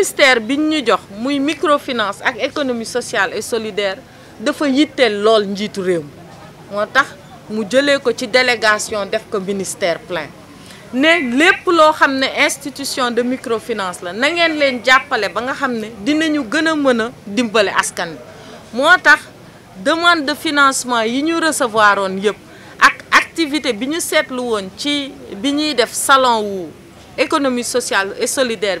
ministère de la jox muy microfinance ak économie sociale et solidaire dafa fait lool njitu réew motax mu délégation def ministère plein ne lépp de microfinance la na ngeen leen jappalé ba nga xamné dinañu askan demande de financement yi ñu recevoir ak activité bi ñu def salon économie sociale et solidaire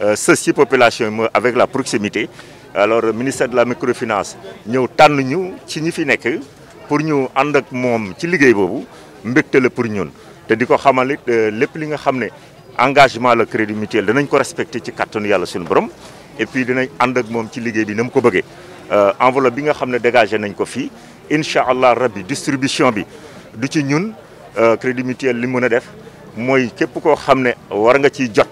Euh, ceci population avec la proximité alors ministère de la microfinance ñëw tànn ñu ci ñi fi nekk pour ñu ànd ak moom ci liggéey boobu mbégte pour ñun te di ko xamal it euh, lépp li nga xam engagement la crédit mutuel danañ ko respecté ci kattanu yàlla suñu borom et puis dinañ ànd ak moom ci liggéey bi na mu ko bëggee euh, enveloppe bi nga xam ne dégagé nañ ko fii incha rabbi distribution bi du ci ñun crédit mutuel li mën a def mooy képp koo xam war nga ciy jot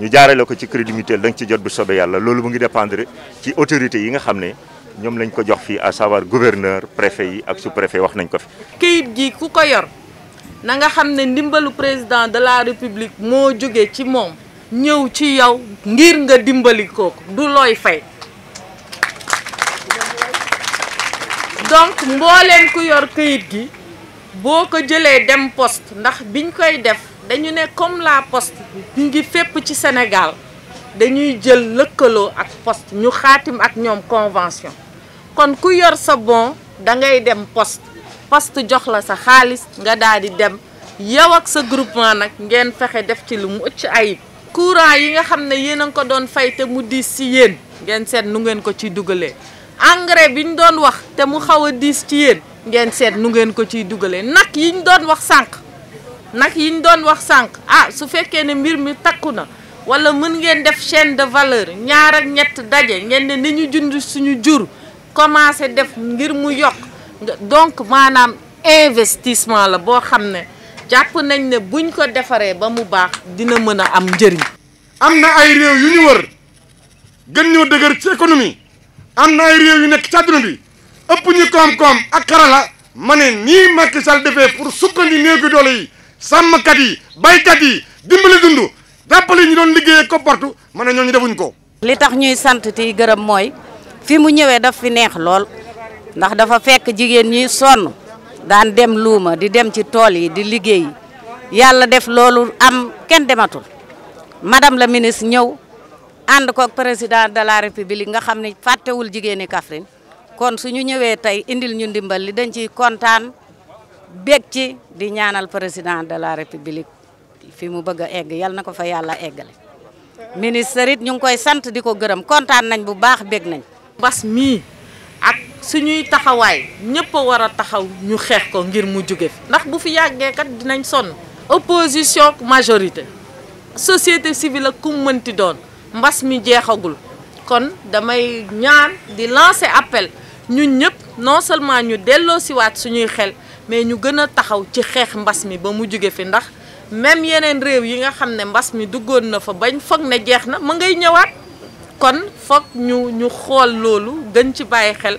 ñu jaarale ko ci crédit mutuel da nga ci jot bu sobe yàlla loolu mu ngi dépendre ci autorités yi nga xam ne ñoom lañ ko jox fii à savoir gouverneur préfet yi ak su préfet wax nañ ko fi. kayit gi ku ko yor na nga xam ne ndimbalu président de la république moo jóge ci moom ñëw ci yow ngir nga dimbali kooku du looy fay. donc mbooleen ku yor këyit gi boo ko jëlee dem poste ndax biñ koy def. dañu ne comme la poste ñu ngi ci Sénégal dañuy jël lëkkaloo ak poste ñu xaatim ak ñoom convention kon ku yor sa bon da ngay dem poste poste jox la sa xaalis nga daal dem yow ak sa groupement nag ngeen fexe def ci lu mu ëcc ayib. courant yi nga xam ne yéen a ngi ko doon fay te mu diis ci yéen ngeen seet nu ngeen ko ciy dugalee engrais bi ñu doon wax te mu xaw a diis ci yéen ngeen seet nu ngeen ko ciy dugalee nag yi ñu doon wax sànq. nag yi ñu doon wax sànq ah su fekkee ne mbir mi takku na wala mën ngeen def chaîne de valeur ñaar ak ñett daje ngeen ne ni ñu jund suñu jur commencé def ngir mu yokk donc maanaam investissement la boo xam ne jàpp nañ ne buñ ko defaree ba mu baax dina mën a am njëriñ. am na ay réew yu ñu wër gën ñoo dëgër ci économie am na ay réew yu nekk ci àdduna bi ëpp ñu koom-koom ak xarala ma ne nii Macky Sall defee pour sukkandi néew bi doole yi. sàmmkat yi baykat yi dimbali dund jàppale ñu doon liggéeyee ko portu ma ne ñooñu defuñ ko. li tax ñuy sant ti gërëm mooy fi mu ñëwee daf fi neex lool ndax dafa fekk jigéen ñi sonn daan dem luuma di dem ci tool yi di liggéey yàlla def loolu am kenn dematul madam la ministre ñëw ànd ko président de la république nga xam ne fàttewul jigéeni Kaffrine kon su ñu ñëwee tey indil ñu ndimbal li dañ ciy kontaan. bekk ci di ñaanal président de la république fi mu bëgg egg yal fa yalla eggale ministre ñu ngi koy sante di gëreum contane nañ bu baax bekk nañ bas mi ak suñuy taxaway ñepp wara taxaw ñu xex ko ngir mu jóge ndax bu fi yagge kat dinañ son opposition majorité société civile ku mënti doon mbass mi jéxagul kon damay ñaan di lancer appel ñun ñëpp non seulement ñu ci wat suñuy xel mais ñu gën a taxaw ci xeex mbas mi ba mu jógee fi ndax même yeneen réew yi nga xam ne mbas mi duggoon na fa bañ foog ne jeex na ma ngay ñëwaat kon foog ñu ñu xool loolu gën ci bàyyi xel